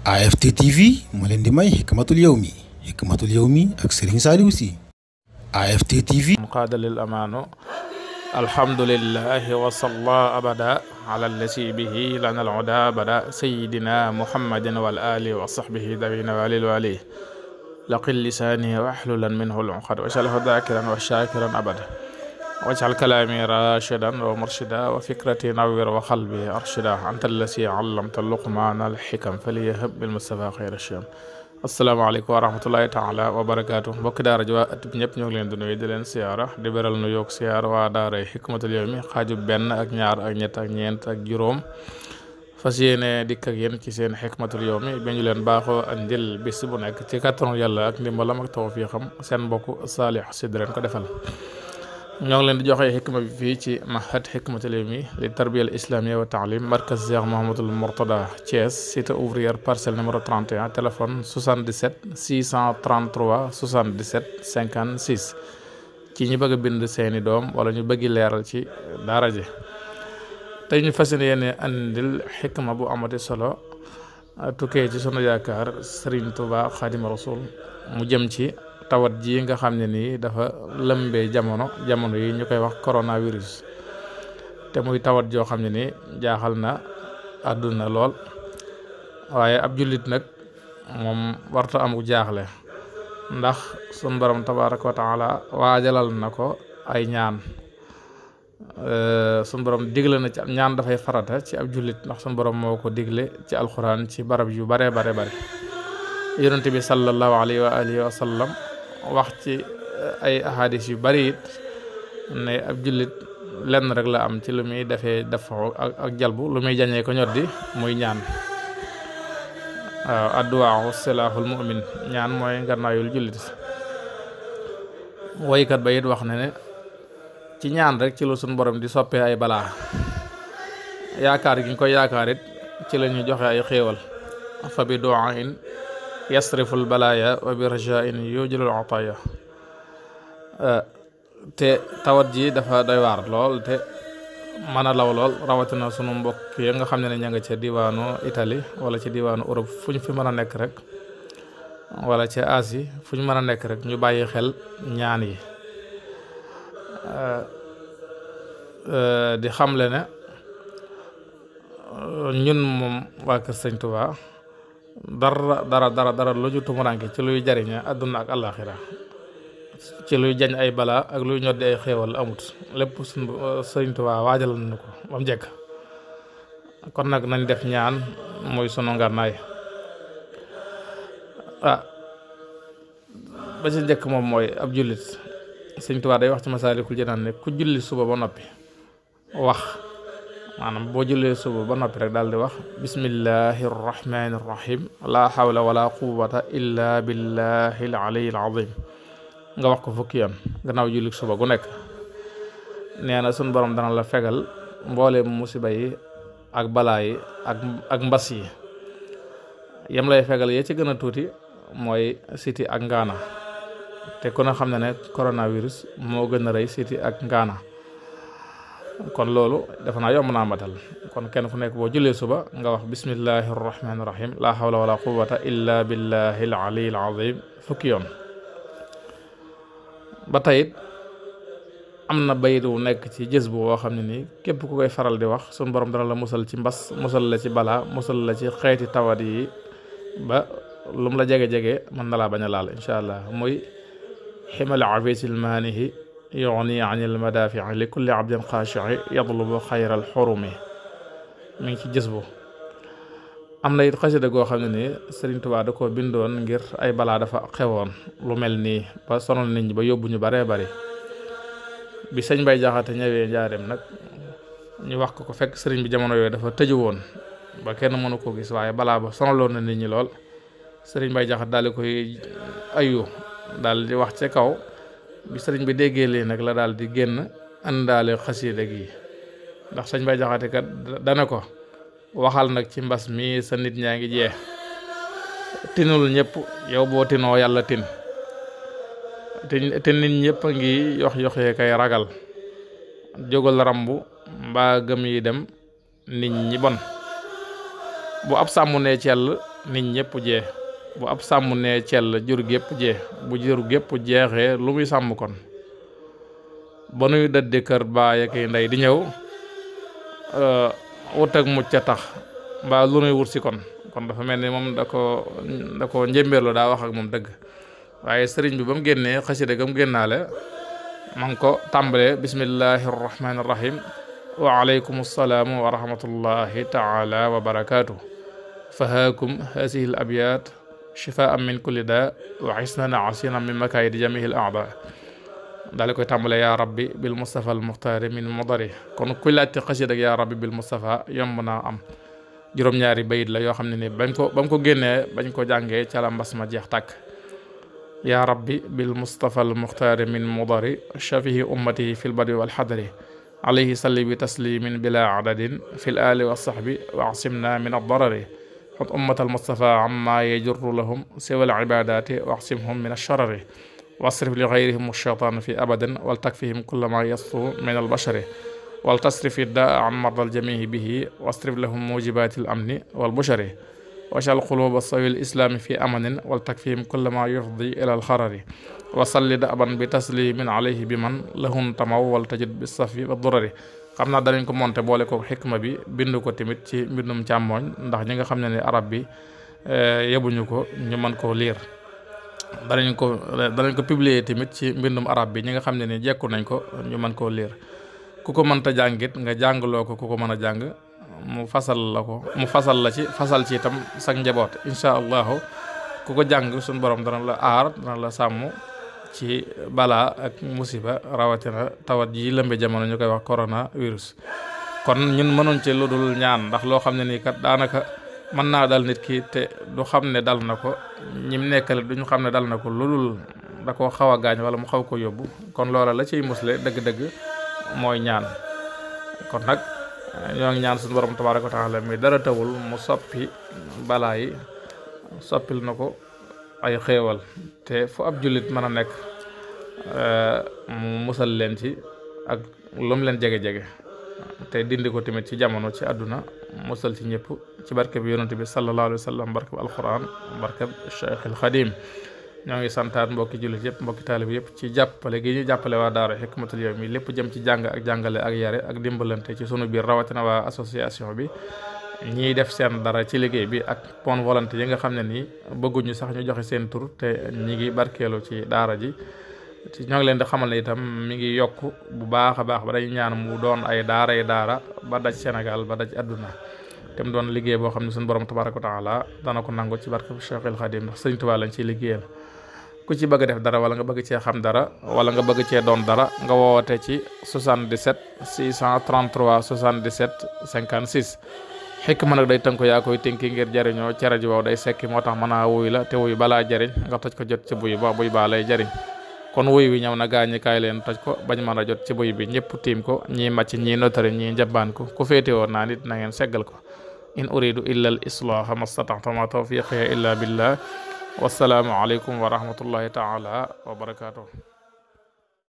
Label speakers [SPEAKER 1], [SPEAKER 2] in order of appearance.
[SPEAKER 1] AFT TV moo leen di may xikmatul yawmi xikmatul yawmi ak Serigne Saliou Sy AFT TV muqaadalil amaanu alhamdulillahi wasalla abada ala allati bihi lana aluda bada sayidina muhammadin wal ali wa sahbihi dawina walil wali laqil lisaani wahlulan minhu al uqad wa shalhu dakiran wa shakiran abada wajal kalaami rashidan wa murshida wa fikrati nawwir wa qalbi arshida anta allasi allamta luqmaana alxikam faliyahab bil mustafa xayra shiyam asalaamaaleykum wa rahmatullahi taala wa barakaatu mbokki daara ji waa bi ñëpp ñoo ngi leen di nuyu di leen siyaara di beral nu yoog siyaara waa daaray xikmatul yawmi xaaju benn ak ñaar ak ñett ak ñeent ak juróom fas yéene dikk ak yéen ci seen xikmatul yawmi bi ñu leen baaxoo andil bi bu nekk ci kattanu yalla ak ndimbalam ak tawfiixam seen mbokk Saalix Sy ko defal ñoo ngi leen di joxe xikma bi fii ci mahad xikmatul ilmi li tarbiya al islamiyya wa taalim markaz Cheikh Mouhamadoul Mourtada Thiès cité ouvrière parcelle numéro 31 téléphone 77 633 77 56 ci ñi bëgg a bind seeni doom wala ñu bëggi leeral ci daara ji tey ñu fas yéene andil xikma bu amati solo tukkee ci sunu yaakaar Serigne Touba Xaadimu Rasuul mu jëm ci tawat ji nga xam ne nii dafa lëmbee jamono jamono yi ñu koy wax coronavirus te muy tawat joo xam ne nii jaaxal na àdduna lool waaye ab jullit nag moom warta am jaaxle ndax sun borom tabaraka wa taala waajalal na ko ay ñaan sun borom digle na ci ñaan dafay farata ci ab jullit ndax sun borom moo ko digle ci alxuraan ci barab yu bare bare bare yonent bi sallallahu alayhi wa alihi wa wax ci eh, ay ahadis yu bari it ne ab jullit lenn rek la am ci lu muy defee dafaxu ak ak jalbu lu muy jañee ko ñor di muy ñaan waaw adduwaaxu silaaxul mu'min ñaan mooy ngarnaayul jullit woykat ba it wax na ne ci ñaan rek ci lu suñ borom di soppee ay balaa yaakaar gi ñu koy yaakaar ci la ñu joxe ay xéewal fa bi yasrifu lbalaaya wa bi rajain yujilul ataaya te tawat ji dafa doy waar lool te mën a law lool rawatina sunu mbokk yi nga xam ne ña nga ca diwaanu itali wala ci diwaanu Europe fu ñu fi mën a nekk rek wala ca Asie fu ñu mën a nekk rek ñu bàyyi xel ñaan yi di xamle ne ñun moom waa Kër Sëñ Tuubaa dara dara dara dara lu ju tumuranke ci luy jariña àdduna ak àllaaxira ci luy jañ ay balaa ak luy ñoddi ay xéewal amut lépp suñ Sëriñ Tuubaa waajal nañu ko ba njëkk kon nag nañ def ñaan mooy sunu ngànnaay ah ba ci njëkk moom mooy ab jullit Sëriñ Tuubaa day wax ci Masaalikul Jinaan ne ku julli suba ba noppi wax maanaam boo jullee suba ba noppi rek daal di wax bismillahi rrahmani rrahim laa hawla wala quwata illa billahi l aliyi l azim nga wax ko fukki yoon gannaaw jullik suba gu nekk nee na sun borom dana la fegal mbooleem musiba yi ak balaa yi ak mbas yi yam lay fegal yee ci gën a tuuti mooy siti ak ngaana te ku ne xam ne ne coronavirus moo gën a rëy siti ak ngaana kon loolu dafa naa yomb naa matal kon kenn ku nekk boo jullee suba nga wax bismillahi rahmaani rahim laa hawla wala quwata illa billahi al ali al azim fukki yoon ba tayit am na bayit wu nekk ci jës bu woo xam ne nii képp ku koy faral di wax suñu borom dana la musal ci mbas musal la ci balaa musal la ci xeeti tawat yi ba lum la jege-jege mën na laa bañ a laal incha allah muy ximal afisil maanihi yugni an il madaafi li kulli abdin xaashii yatlubu xayral xurumi mi ngi ci gis bu am na it xasida goo xam ne ni Sëriñ Tuubaa da koo bindoon ngir ay balaa dafa xewoon lu mel nii ba sonal nit ñi ba yóbbu ñu baree bari bi sëñ Bay Jaxate ñëwee nag ñu wax ko ko fekk sëriñ bi jamono yooyu dafa tëju woon ba kenn mënu koo gis waaye balaa ba sonaloon na nit ñi lool sëriñ Bay Jaxate daal di koy ayu daal di wax ci kaw bi sëriñ bi déggee lii nag la daal di génn àndaale xasiida gi ndax sëñ bay jaxate kat dana ko waxal nag ci mbas mi sa nit ñaa ngi jeex tinul ñëpp yow boo tinoo yàlla tin te nit ñëpp a ngi yox yoxee kay ragal jógal rambu mbaa gëm yi dem nit ñi bon bu ab sàmm ne ci yàlla nit ñëpp jeex bu ab sàmm ne cell jur gépp jeex bu jur gépp jeexee lu muy sàmm kon ba nuy dëddi kër baay ak ndey di ñëw euh, wut ak tax mbaa lu nuy wut si kon kon dafa mel ni moom da ko da ko njëmbeerlu daa wax moom dëgg waaye sëriñ bi ba mu génnee xasida ga mu génnaale ma ngi ko tàmbalee bismillahi rahmaani rahim wa alaykum assalaamu wa rahmatullahi taala wa barakaatu fahaakum haasihi abyaat shifaan min kulli daa wa xisnan asinan min makaayidi jamihi l aada daal koy tàmbale yaa rabbi bil mustafa al muxtaari min modari kon ku laajte xasida ak yaa rabbi bil mustafa yomb naa am juróom-ñaari bayit la yoo xam ne ni bañ ko ba mu ko génnee bañ ko jàngee ca la mbas ma jeex tàkk yaa rabbi bil mustafa al muxtaari min modari shafihi ummatihi fi l badi wal xadari alayhi salli bi taslimin bila adadin fi l ali wa sahbi wa asimna min ad darari wat ummatal Mustafa amma yajurru lahum siwal ibadati waxsimhum min alsharari wasrif li gayrihim alcheytaan fi abadan wal takfihim kulla ma yasfu min albashari wal tasrif iddaa an marda aljamihi bihi wasrif lahum mujibati alamni walbushari wajal quluba sawi alislami fi amanin wal takfihim kulla ma yufdi ila alxarari wa salli daban bi taslimin alayhi bi man lahun tamaw wal tajid bisafi waddurari xam naa danañ ko monté boole ko xikma bi bind ko tamit ci mbindum càmmooñ ndax ñi nga xam ne ni arab bi eh, yebuñu ko ñu mën koo liir danañ ko danañ ko publier tamit ci mbindum arab bi ñi nga xam ne ni jekku nañ ko ñu mën koo liir ku ko mënta jàngit nga jàngloo ko ku ko mën a jàng mu fasal la ko mu fasal la ci fasal ci itam sag njaboot incha allahu ku ko jàng suñu borom dana la aar dana la sàmm ci balaa ak musiba rawatina tawat yi lëmbe jamono ñu koy wax corona virus kon ñun mënuñ ci lu dul ñaan ndax loo xam ne nii kat daanaka mën naa dal nit ki te du xam ne dal na ko ñim nekkale duñu xam ne dal na ko lu dul da ko xaw a gaañ wala mu xaw ko yóbbu kon loola la ciy musle dëgg-dëgg mooy ñaan kon nag eh, ñoo ngi ñaan suñu borom tabaaraka wa mi dara tawul mu soppi balaa yi soppil na ko ay xéewal te fu ab jullit mën a nekk euh, mu musal leen ci ak lum leen jege-jege te dindi ko tamit ci jamono ci àdduna musal ci ñëpp ci barke bi yonent bi sallallahu alayhi wa sallam barke bi alquran barke bi cheikh ñoo ngi santaat mbokki jullit yëpp mbokki taalib yëpp ci jàppale gi ñu jàppale waa daara Hikmatul Yawmi lépp jëm ci jàng ak jàngale ak yare ak dimbalante ci sunu biir rawatina waa association bi ñiy def seen dara ci liggéey bi ak pont volonté yi nga xam ne nii bëgguñu sax ñu joxe seen tur te ñi ngi barkeelu ci daara ji ci ñoo ngi leen di xamal na itam mi ngi yokk bu baax a baax ba dañu ñaan mu doon ay daara ay daara ba daj Sénégal ba daj àdduna te mu doon liggéey boo xam ne suñu borom tabaaraka wa taala dana ko nangu ci barke Cheikhul Khadim ndax Sëriñ Tuubaa lañ ciy liggéeyal ku ci bëgg def dara wala nga bëgg cee xam dara wala nga bëgg cee doon dara nga woote ci 77 633 77 56 xikma nag day tënk yaa koy tënki ngir jariñoo ca rajo waaw day sekki moo tax mana a wuy la te wuy balaa jariñ nga toj ko jot ci buy ba buy baa lay jariñ kon wuy wi ñëw na gaañi kaay leen toj ko bañ mën a jot ci buy bi ñëpp tiim ko ñii màcc ñii notari ñii njabaan ko ku féete woon naa nit nangeen ngeen seggal ko in uridu illa al islaha mastataxta ma tawfiqiya illa billah wasalaamu aleykum wa rahmatullahi taala wa barakatuh